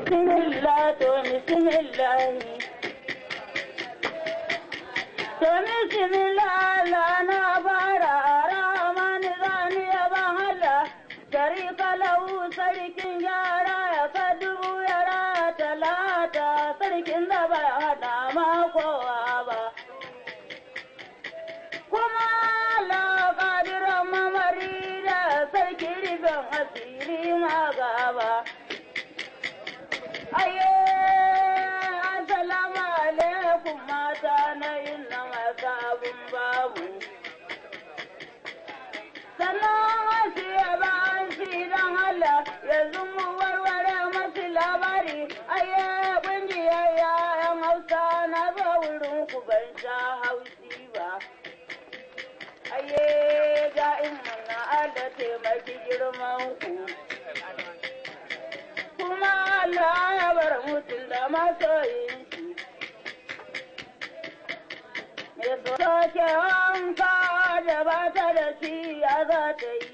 بسم الله بسم الله Tumi simila lana bara Raman zani ya bahala Sari kalau sari kinjara ya kadubu ya rata lata Sari kinda bara hata mako waba Kuma la kadira mamarida Sari kiri bang asiri magaba Kuma la kadira mata na yin nama sabon babu sannan wasu ya ba an ci don Allah yanzu mu warware masu labari aye ƙungiyar yayan hausa na zo wurin ku ban sha Hausi ba aye ga in muna Allah taimaki girman ku kuma Allah ya bar mutum da masoyin Sake hanka da bata da shi a za ta yi.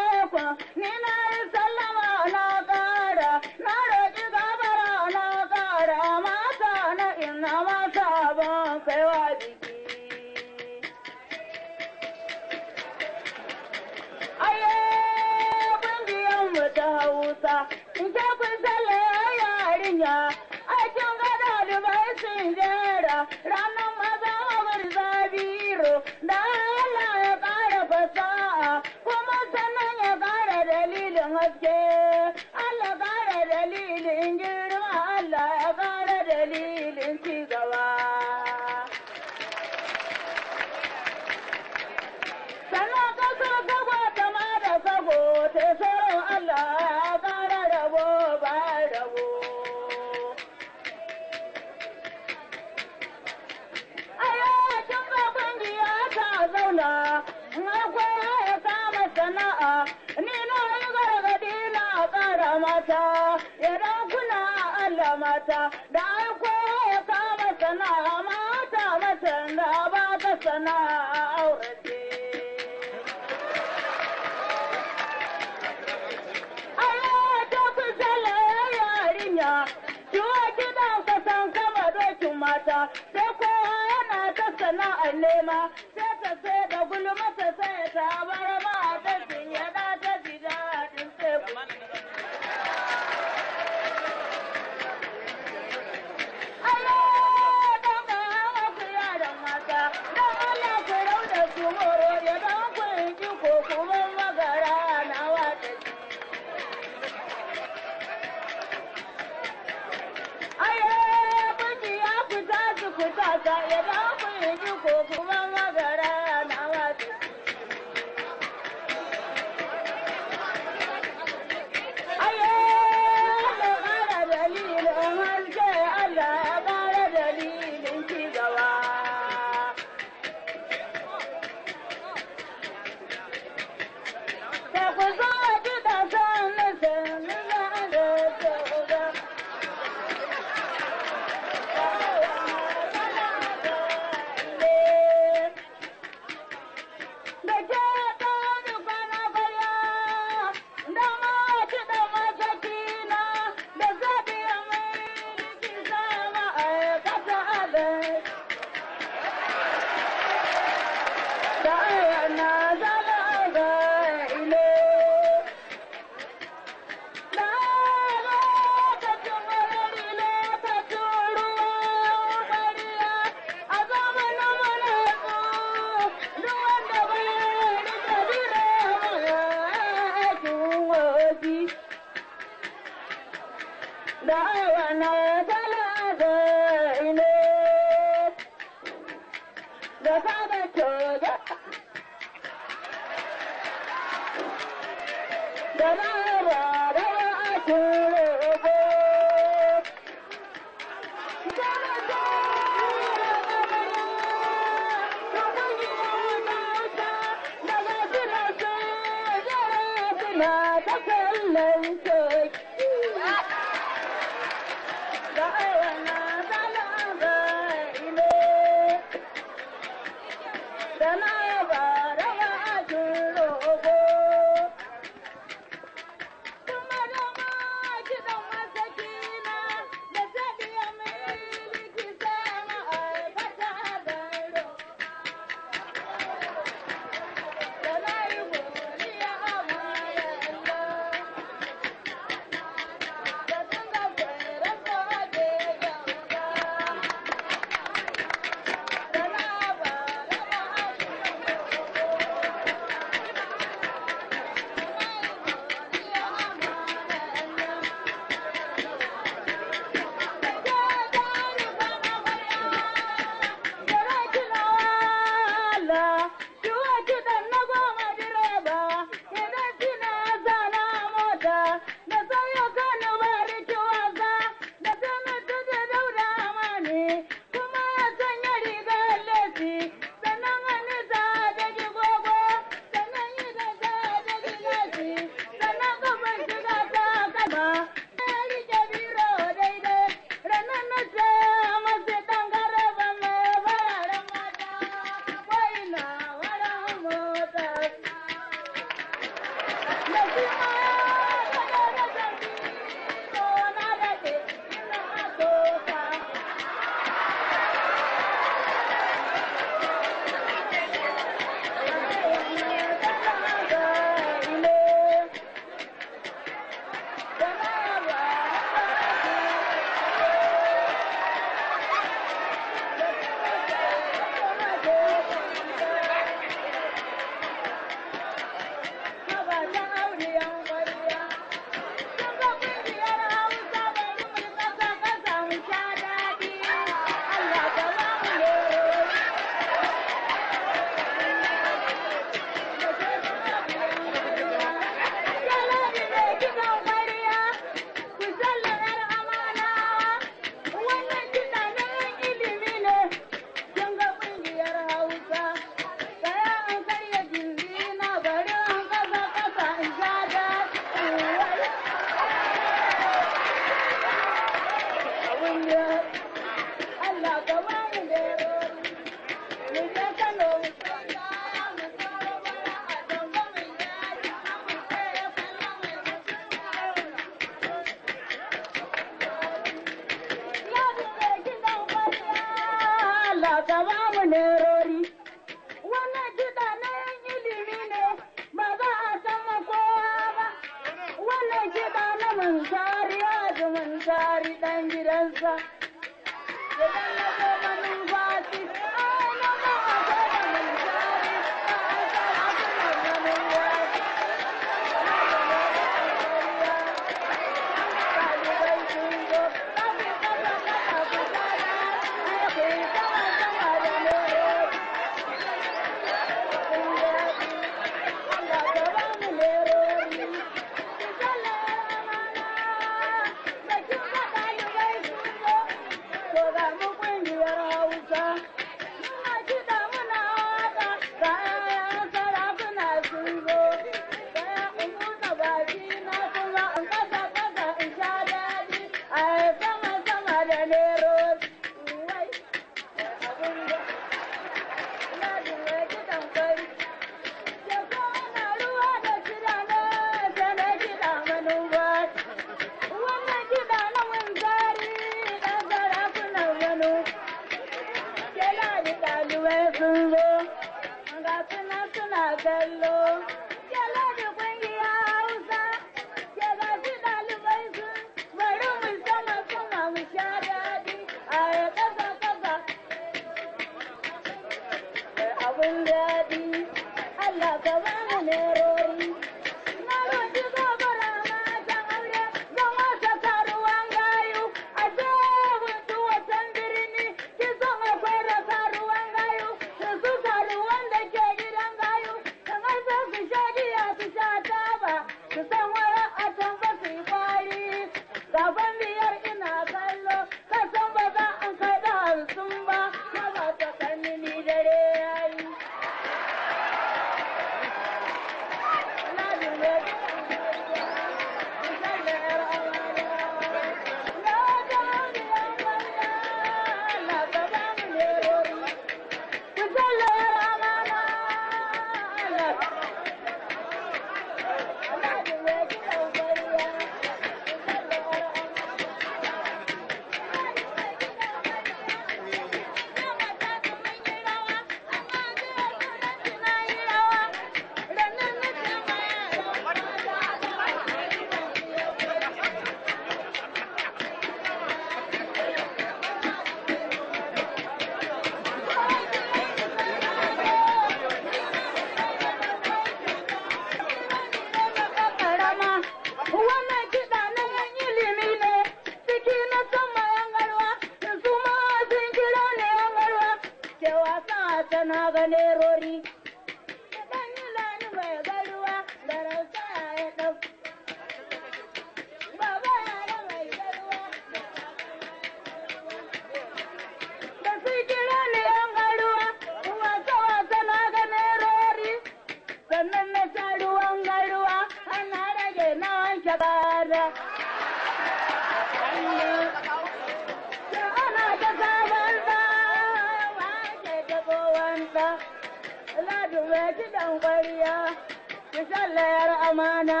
ki sallayar amana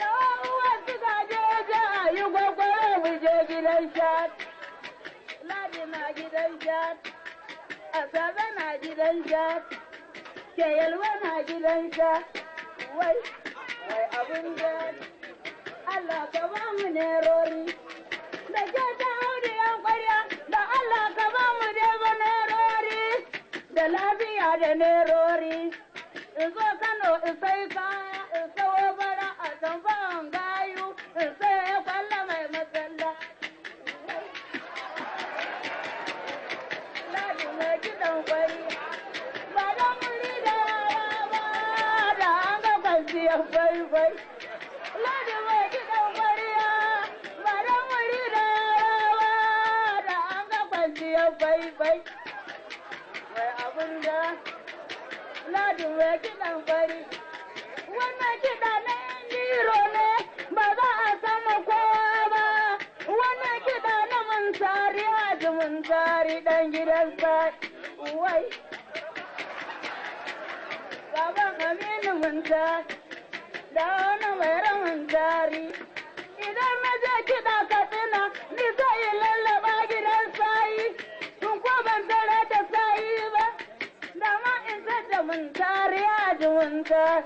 da wasu gaje ja yi gwagwaro mu je gidan shat ladi na gidan shat asabe na gidan shat ke yalwa na gidan shat wai wai abin da Allah ka ba mu ne rori da ke ta da yan kwarya da Allah ka ba mu ne rori da lafiya da ne rori in zo Kano in sai kaya in sawo bara a tamfan gayu in sai mai matsala. Ladi mai kiɗan kwari ba don muri da rawa ba da an ga kwanciyar faifai. Ladi mai kiɗan kwari ba don muri da rawa da an ga kwanciyar faifai. Mai abin da ladin wa kiɗan fari wannan kida ne niro ne ba za a sama kowa ba wannan kiɗa na mansari mun tsari dan gidan sai wai baban aminu tsari da wani mai ramin tsari idan na je kiɗa zumunta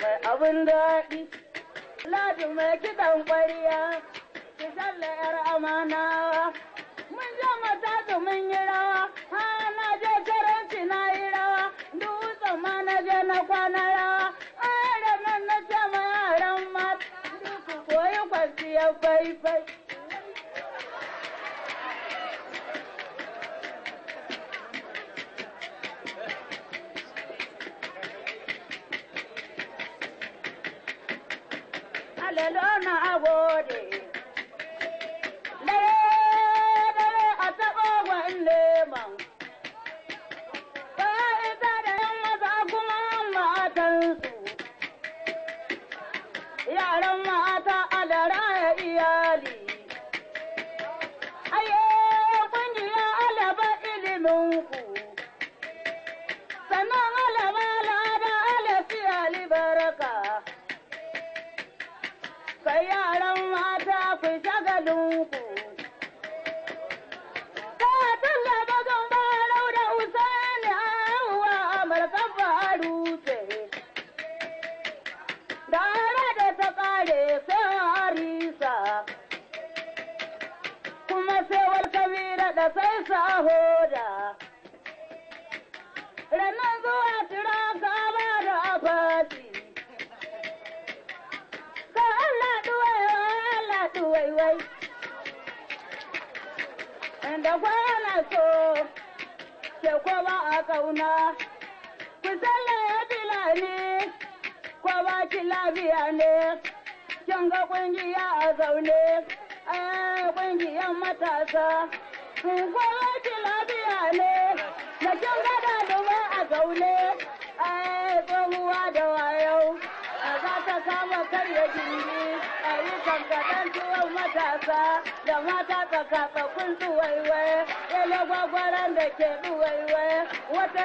mai abin daɗi ladi mai kiɗan ƙwariya ki salla yar amana mun je mata da mun yi rawa ha na je karanci na yi rawa dutsen ma na je na kwana rawa don't know what kare sarisa kuma sai wal kabira da sai sahoda ranar zuwa tura gaba da abati ka Allah duwai Allah duwai wai inda kwana so ke ko a kauna ku sallah ya ne ko ba ki lafiya ne can ga kungiya zaune kungiyan eh, matasa gwamnati lafiya ne da can gada duma a zaune tsohuwa eh, da wayau za ta kama karya jini eh, a yi kankaɗan tuwon matasa da mata ya gwagwaran da ke wata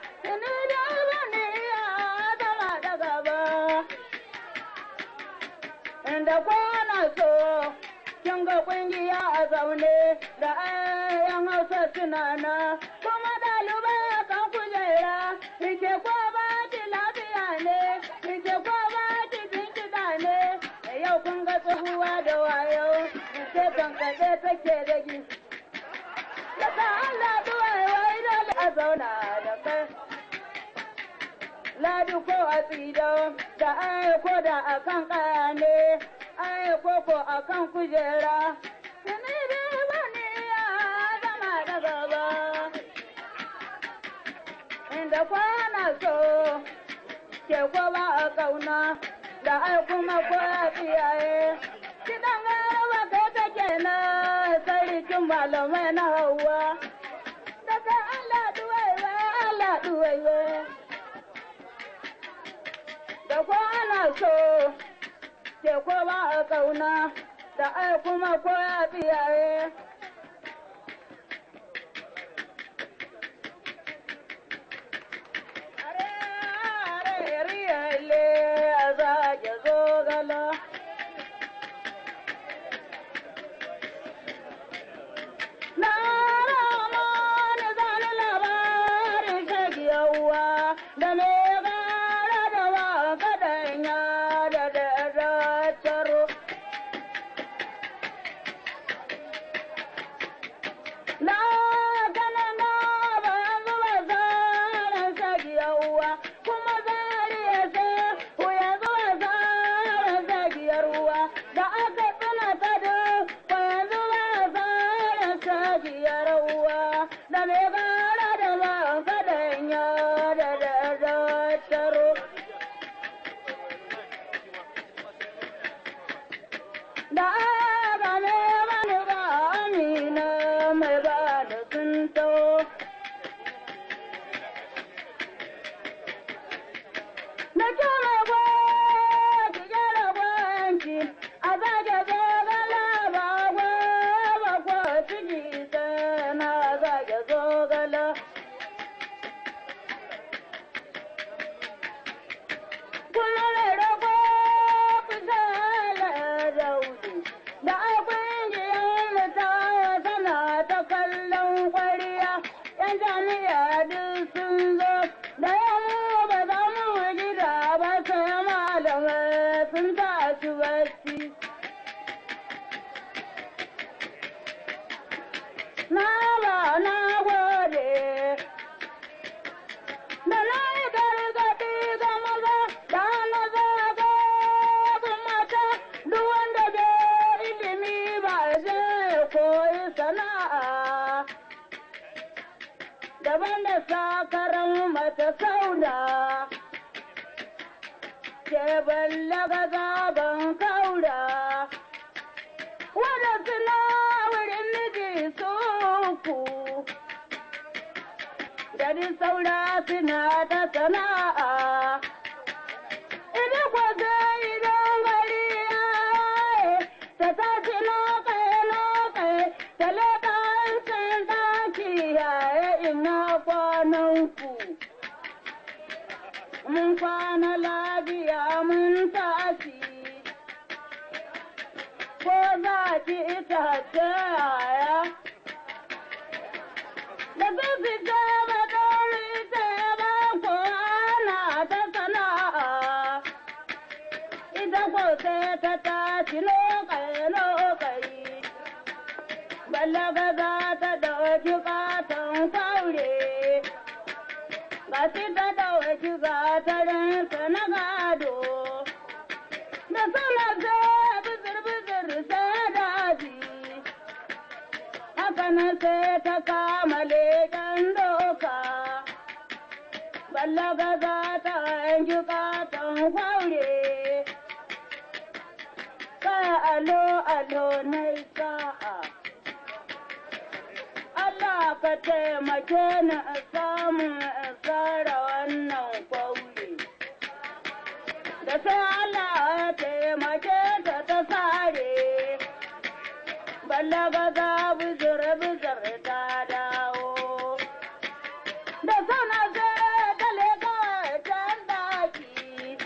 da kwana so kin ga kungiya a zaune da ayan hausa na kuma ɗalibai kan kujera rike ko ba ki lafiya ne rike ko ba ki binkida ne da yau kun ga tsohuwa da wayo ce kan kaɗe take da gi Allah duwai wai a zauna da kai Ladu ko a tsido da ai ko da akan kane koko a kan kujera, tuni ne ya zama da gaba. Inda kwana so, ke kowa a kauna, da ai kuma koya Kiɗan garawa kai malamai na hauwa Daga Allah duwaiwa, Allah duwaiwa. Da kwana so, ke ko ba a kauna da ai kuma ko ya ballaga zaben kaura wadda suna wurin miji suku gari saura suna ta sana'a idan kwa zai idan gari ta tashi lokai-lokai ta lekancin ɗaki yaya ina kwanan ku, mun kwana lafiya mun ko za ki ita ta yaya da bibi ta madari ta ba ko ana ta sana'a na ko sai ta tashi lokai lokai balla za ta dauki katon kaure shi ta ɗauki na gado. Da sanar da bizir-bizir sai daji, haka nan sai ta kama leƙen doka. Ballaga za ta yanki katon kwaure. Kaya alo alo na sa'a. Allah ka taimake ni a samun kara wannan kwauri da sai Allah taimake ta ta sare balla ba za buzur buzur ta dawo da sana ga dale ga can daki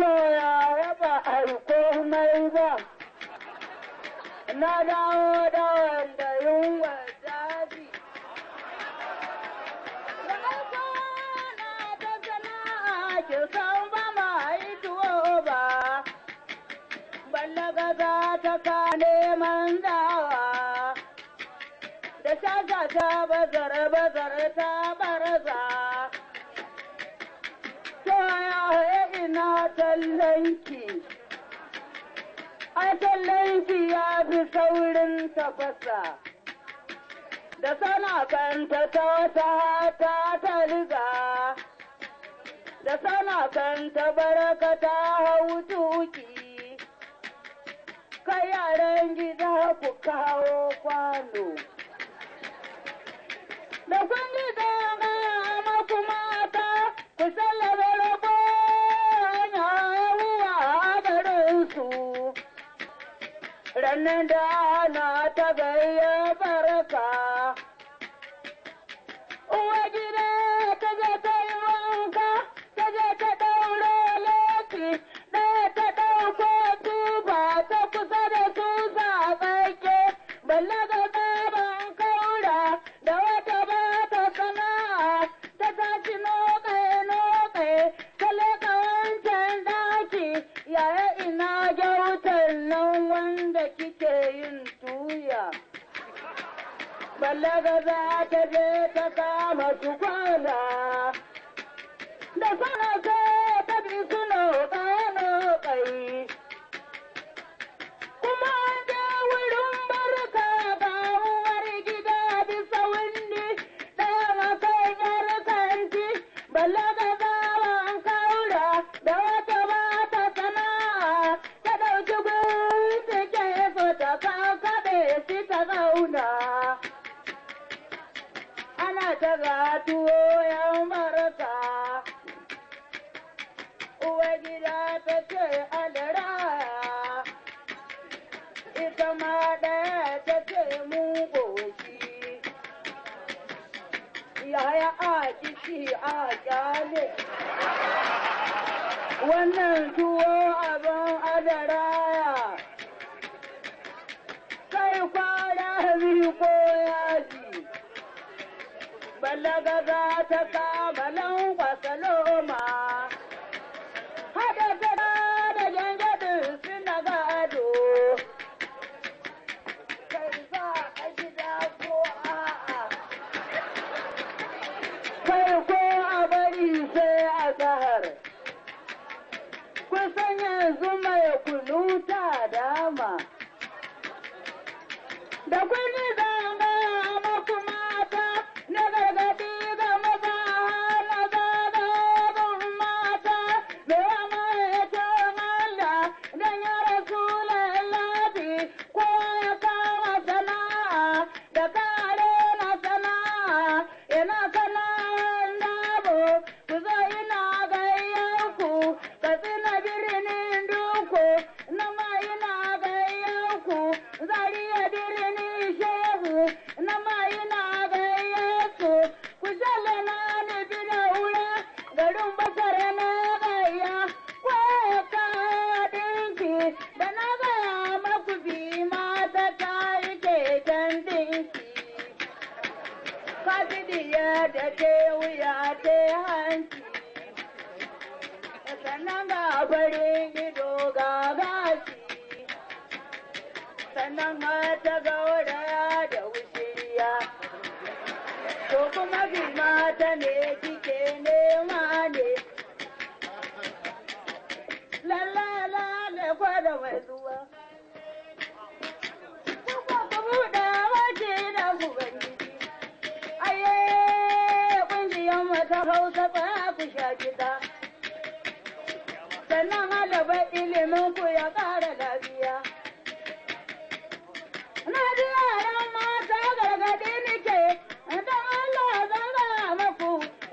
to ya raba aiko mai ba na dawo da wanda yunwa ki san ba ma yi tuwo ba, ballaga za ta ka neman dawa, da shaka ta bazar bazar ta barza. Ta ya ina tallanki, ai tallanki ya fi saurin tafasa. da sana kanta ta ta ta ta da sama kan tabaraka ta hau tuki, ka yaran gida ku kawo kwano. Da kun ji dama maku mata ku sallaba ragon yawuwa ranar da na ta gayyar jiya ballaga za ta je ta kama su kwana da sana ta bi suna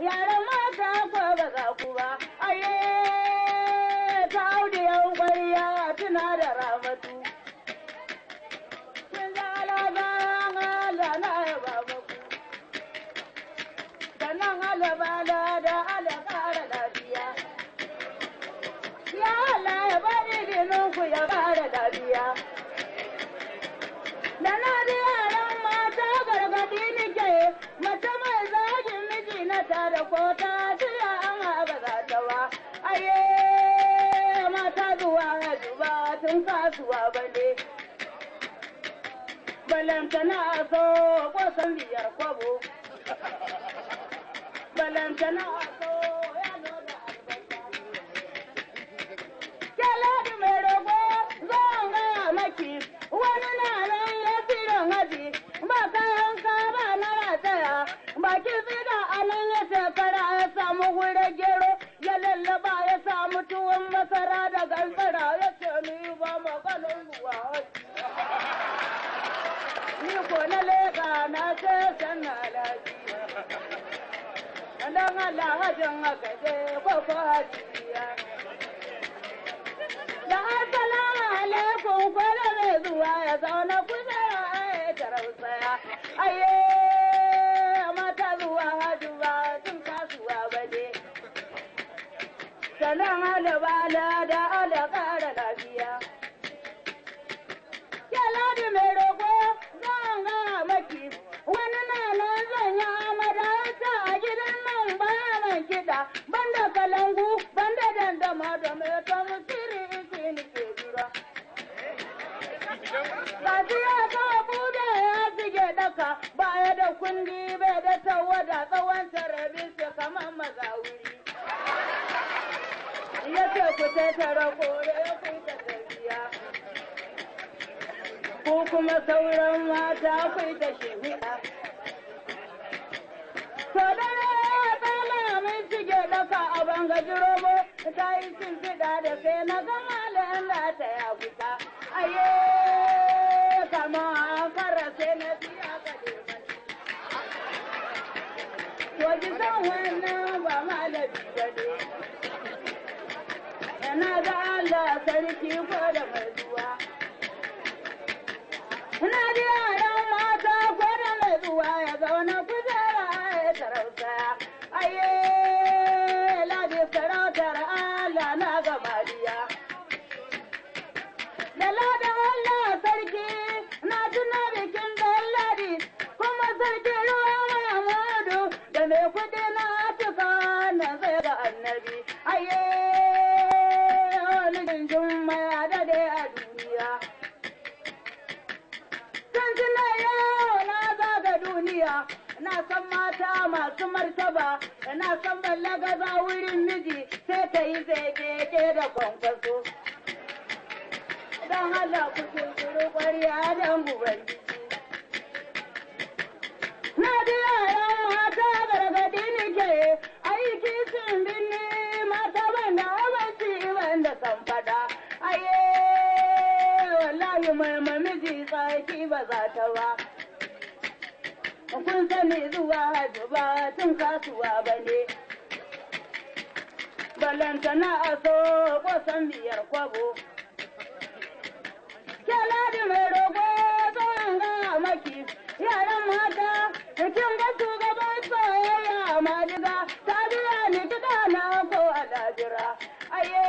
yara mata ko ba za ku ba aye ta audu yan kwariya tuna da ramatu Da nan na. balanta na so kwasan biyar kwabo balanta na so ya mai rogo gaya maki wani na haji ba ba na taya, baki tsira a nan ya shekara ya samu wurin gero ya samu tuwon masara da gansara, ya ce ni ba maganin ruwa na ce sanna laji dan Allah hajin aka je bako hajiya da assalamu alaikum kwallo mai zuwa ya zauna kusa ya tarausaya aye mata zuwa hajuwa sun kasuwa bane sanan halabala da alaka tawada tsawon tarabinsa kamar mazawuri. Ya ce ku tattara kore ku ta tafiya. Ku kuma sauran mata ku ta shehuya. To da ya tsala min shige dafa a bangaji robo ta yi cin fiɗa da sai na gama da ta ya fita. Aye, kama Oji san wannan ba malami ba ne. Yana ga Allah sarki ko da mai zuwa. Muna da yaran mata wasu martaba na san ballaga za wurin miji sai ta yi zai da kwankwaso don hala ku tunturu ƙwarya don ubangiji na ji yaran mata gargaɗi nike aiki sun binne mata ban da abarci ban da san fada aye wallahi mai mamiji tsaki ba za ta ba kun sani zuwa zuba tun kasuwa ba ne na aso so biyar kwabo kyaladi mai rogo zan ga maki yaran mata cikin ga shugaban ya madiga ta biya ni kiɗa na ko alajira aye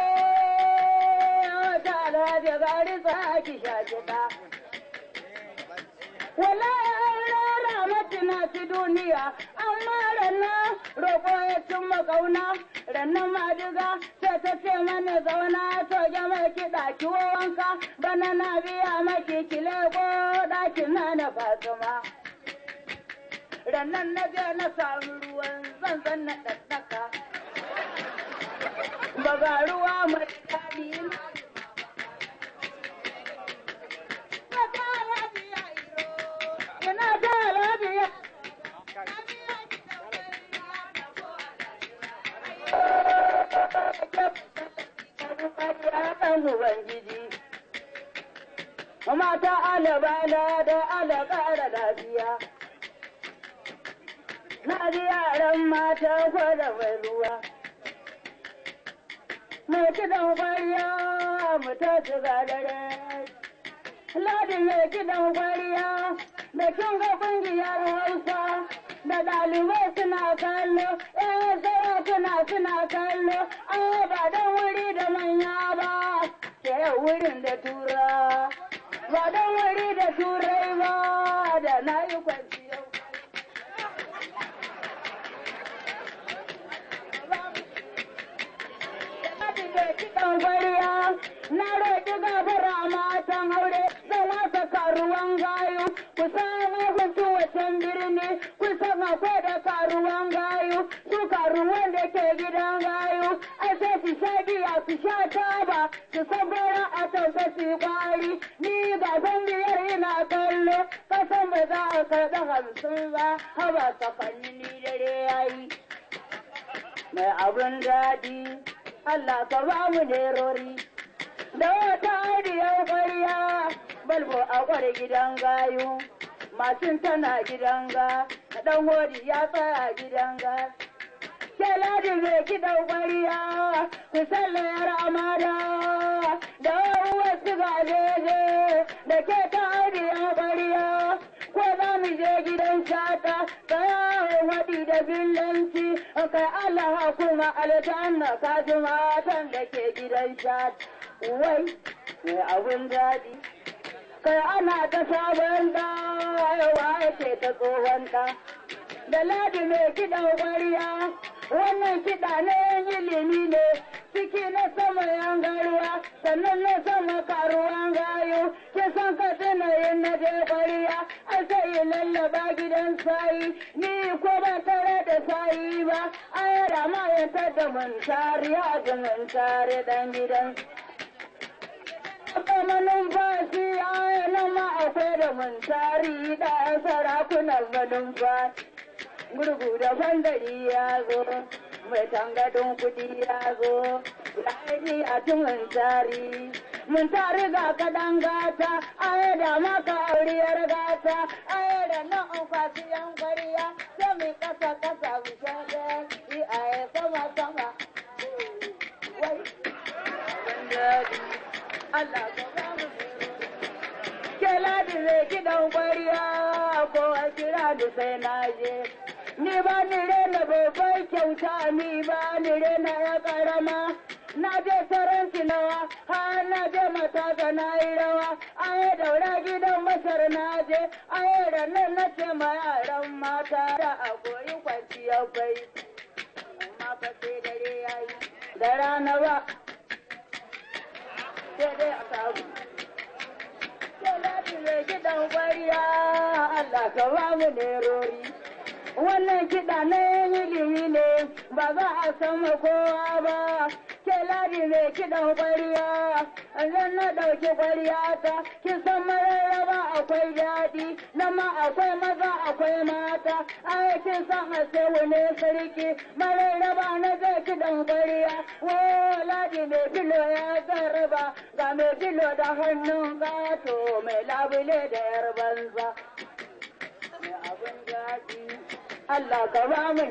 ta alhaji gari tsaki sha wala rahmatina fi duniya amma rana roƙo ya cin makauna rannan madiga sai ta ce mana zauna to mai kiɗa ki wanka bana na biya maki kile ko ɗakin na na fatima. Rannan na je na samu ruwan zanzan na ɗaɗɗaka. Ba ga ruwa mai daɗi na Mata alabala da alabara lafiya. Na ji mata gwada mai ruwa. Mai kiɗan kwariya mu ta mai kiɗan kwariya da kin ga kungiyar hausa da ɗalibai suna kallo eh sai suna suna kallo an ba don wuri da manya ba ke wurin da tura ba don wuri da turai ba da na yi kwanciyar kiɗan kwariya na roƙi gafara matan aure da lasa karuwan gayu ku san hutu wacan birni ku san akwai da karuwan gayu su karuwan da ke gidan gayu a sai su sha giya su sha taba su san bora a tausa su kwari ni ga san biyar ina kallo san ba za a karɓi hamsin ba haba fanni ni dare yayi mai abun daɗi Allah ka ba mu nerori. da ta diyar ƙwarya balbo a ƙwar gidan gayu masin tana gidan ga na ɗan ya tsaya gidan ga Jaladi zai gidan ƙwariya ku sallayar amada da uwar su ga jeje da ke ta auriya ƙwariya ko za mu je gidan shata tsayawar waɗi da billanci kai Allah kuma aljanna ka ji matan da ke gidan shata. wai ne abin daɗi kai ana ta sabon da wa ce ta tsohon da da ladi mai kiɗan ƙwariya wannan kiɗa na yin ilimi ne ciki na sama yan garuwa sannan na sama karuwan gayu ke san ka tana yin na je ƙwariya a sai lallaba gidan sayi ni ko ba tare da sayi ba a yara ma yantar da mun tare ya mun tare dan gidan mun tari da sarakunan ba gurgu da bandari ya zo mai tangadin kudi ya zo lahiri a tumin tari mun tari ga kadan gata aye da maka auriyar gata aye da nan kwasi yan kwariya sai mai kasa kasa bushe da yi aye sama sama Allah ka ba mu sai ladi zai kiɗan kwariya ko a kira da sai na je. Ni ba ni rena babban kyauta ni ba ni rena ya karama. Na je saran nawa har na je matasa na yi rawa. An yi daura gidan masar na je, an yi ranar na ce ma yaran mata da a koyi kwanciyar bai. Amma fa sai dare ya yi, da rana ba, sai dai a Salatu mai kiɗan ƙwariya Allah ka ba mu nerori. Wannan kiɗa na ilimi ne ba za a san kowa ba. ke ladi mai kiɗan ƙwariya, zan na ɗauki ƙwariya ta, ki san mararraba akwai daɗi, na ma akwai maza akwai mata, ai kin san a sai ne sarki, mararraba na zai kiɗan ƙwariya, wo ladi mai filo ya zarba, ga filo da hannun gato, mai labule da yar banza. Allah ka ba mu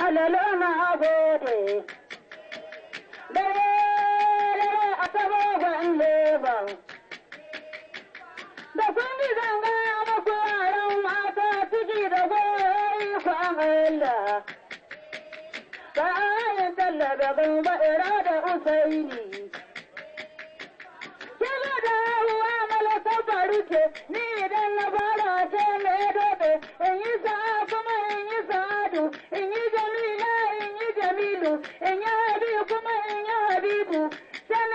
alalo na gode dare dare a sabo gwande ban da kun ji zanga muku yaran mata ciki da goyi kwan ba a yi tallaba ban ba'ira da usaini kila da ruwa malaka faruke ni idan na fara ce mai dobe in yi sa enya kuma enya bi ku sai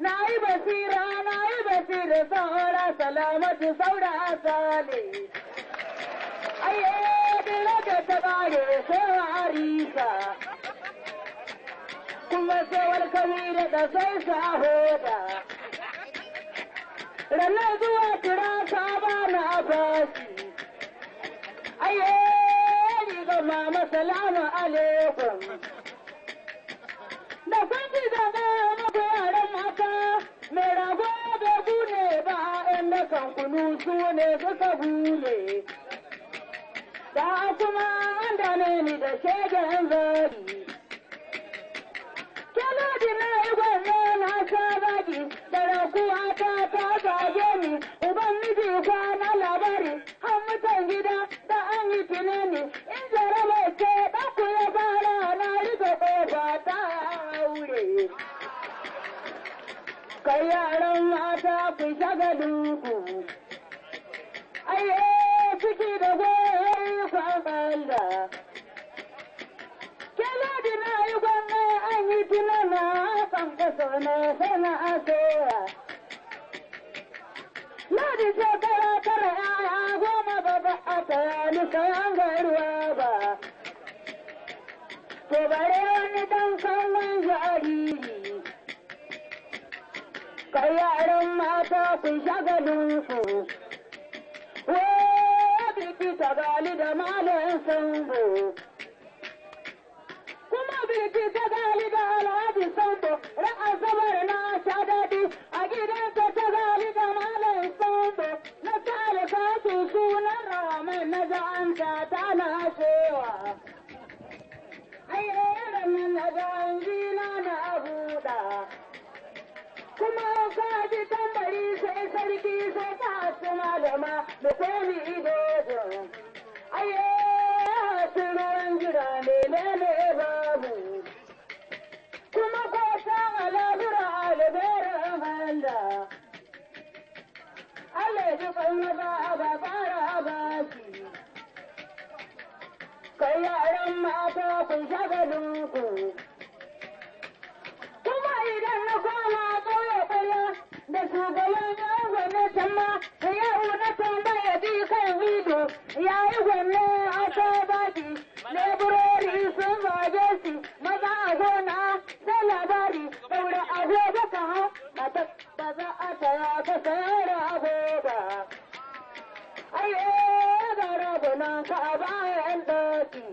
na yi basira na yi basira saura salamatu saura sale aye dila ta tabare sai arika kuma da sai sahoda zuwa kira ka ba na mama salamu alaikum. Da san ji zane magoyaran mata, mai rago bai gune ba ‘yan na kankunu su ne suka bule. Da kuma an dame ni da shegen zari. Kelodi na igwon na sabagi, da rakuwa ta ta zage ni, uban miji na labari, har mutan gida litinin in zara mai ce ɗaku ya fara na rike ƙofa ta aure. Kai yaran mata ku shaga duku, aye ciki da goyon kwanan da. Kela dina yi gwanne an yi tunana kan kaso na sana a Ladi ce kara kara yaya goma ba ba a saya ni kayan garuwa ba. To bare wani dan kallon jariri. Kai yaran mata ku shagalin su. Wai biki ta gali da malam sambo. Kuma biki ta gali da alhaji sambo. Ra'a zamar na sha daɗi a gidansa ta gali da sunan ramai na za'anta ta na cewa ai ramin na za'an zina na buɗa kuma ka ji tambari sai sarki sai ta su malama da komi ido ai ruwan jira ne ne babu ji kunna a ba fara baki. Kai yaran mata kun shagalin ku. Kuma idan na koma ƙauye ƙarya da shugaban yan gwamnatin ma ta yi unatan baya bi kan ido ya yi gwanne a baki. Leburori sun zage shi maza a gona labari daura agoba ka ha a ba za a tara ka sayar agoba ai eh ga rabunan ka bayan ɗaki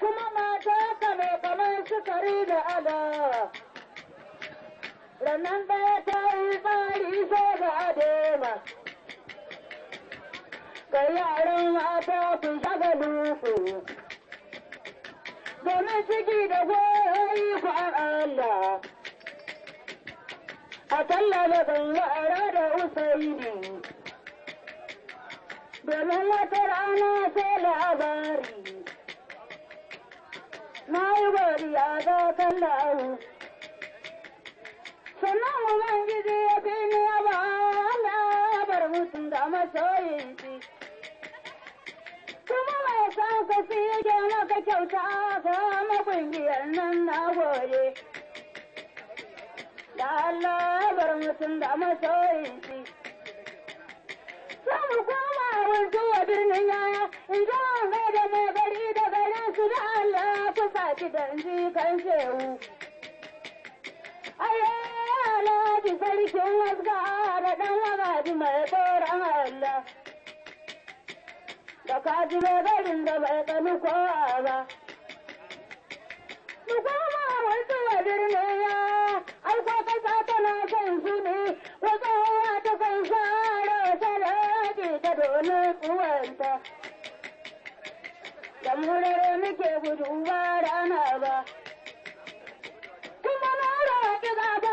kuma mata ka ne kamar sukari da ada rannan ɗaya ta yi tsari sai ga adema ga yaran mata sun shaga dusu domin ciki da goyi ku a Allah. A tallaba zangara da ne. domin wata rana sai labari. Na yi godiya ga kallon sannan Ubangiji ya fi ni a ba Allah bar mutum da masoyin shi. san ka tsige maka kyauta ka makungiyar nan na gode. Da Allah bar mutum da masoyin shi. Samu koma wanzuwa birnin yaya in ji an da mai gari da garin su da Allah ku saki da ji kan shehu. Aye, Alhaji sarkin wasga da ɗan wagaji mai tsoron Allah. Baka jire garin da bai kami kowa ba. Mu koma wasu wa ya, ai ko kasa tana kan su ne, wasu hawa ta kan fara ta laji ta Da murare muke gudu ba rana ba. Kuma na roƙi gaba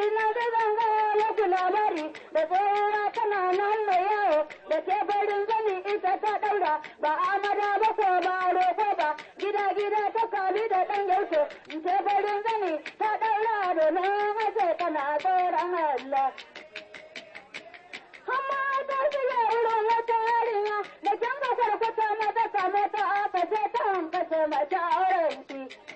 birnin zazan gaya muku labari da tsora tana nan da yawo da teburin zani ita ta daura ba amada ba ko ba ba gida gida ta kami da ɗan yaushe teburin zani ta daura domin mace tana tsoron Allah. Amma ta shiga irin wata yarinya da can kasar ta mata ta ta aka ce ta hankashe mace auren shi.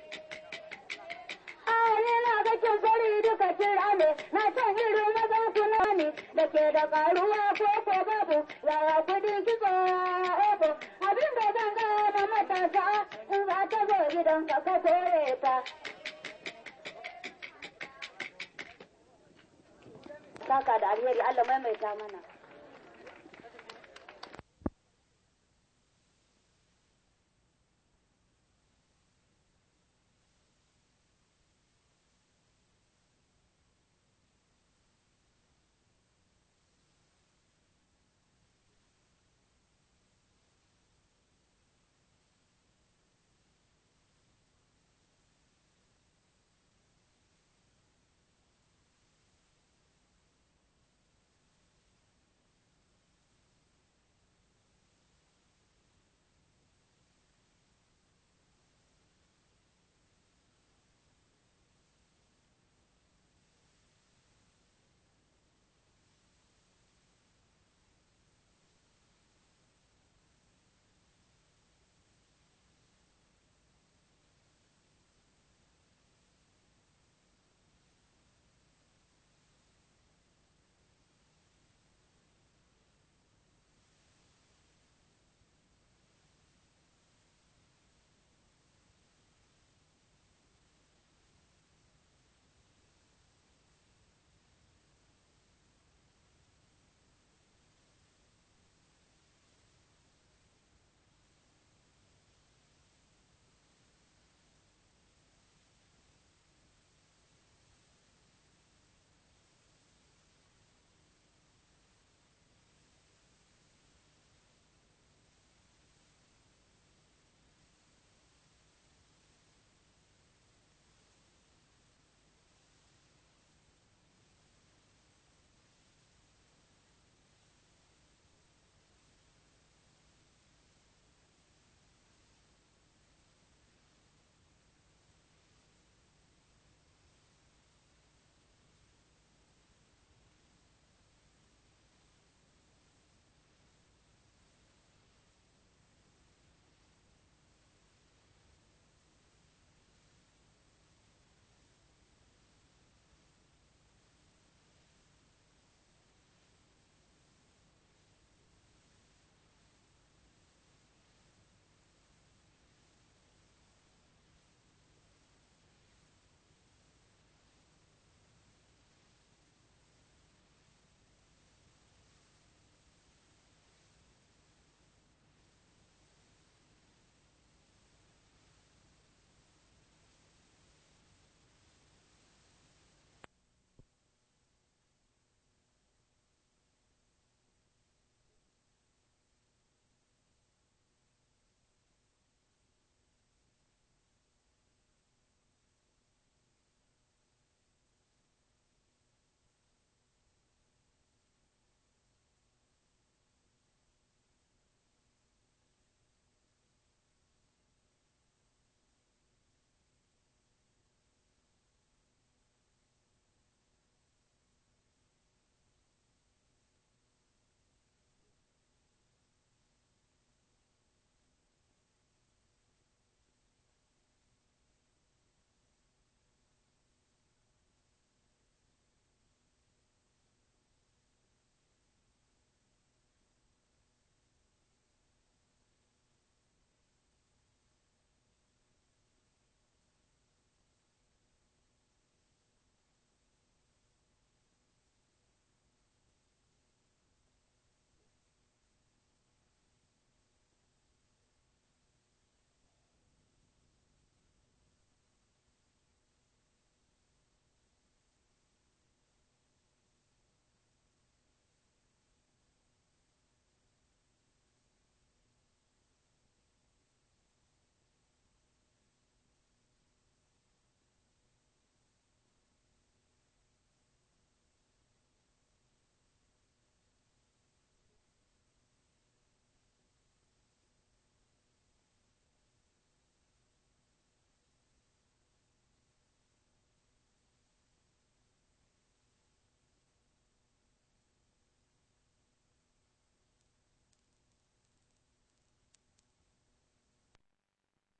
yana ga kin sari duka kira ne na san irin mazan kuna ne da ke da karuwa ko ko babu yaya kudi kitso ebo abin da zan ga na matasa in za ta zo gidan ka ka kore ta. Saka da alheri Allah maimaita mana.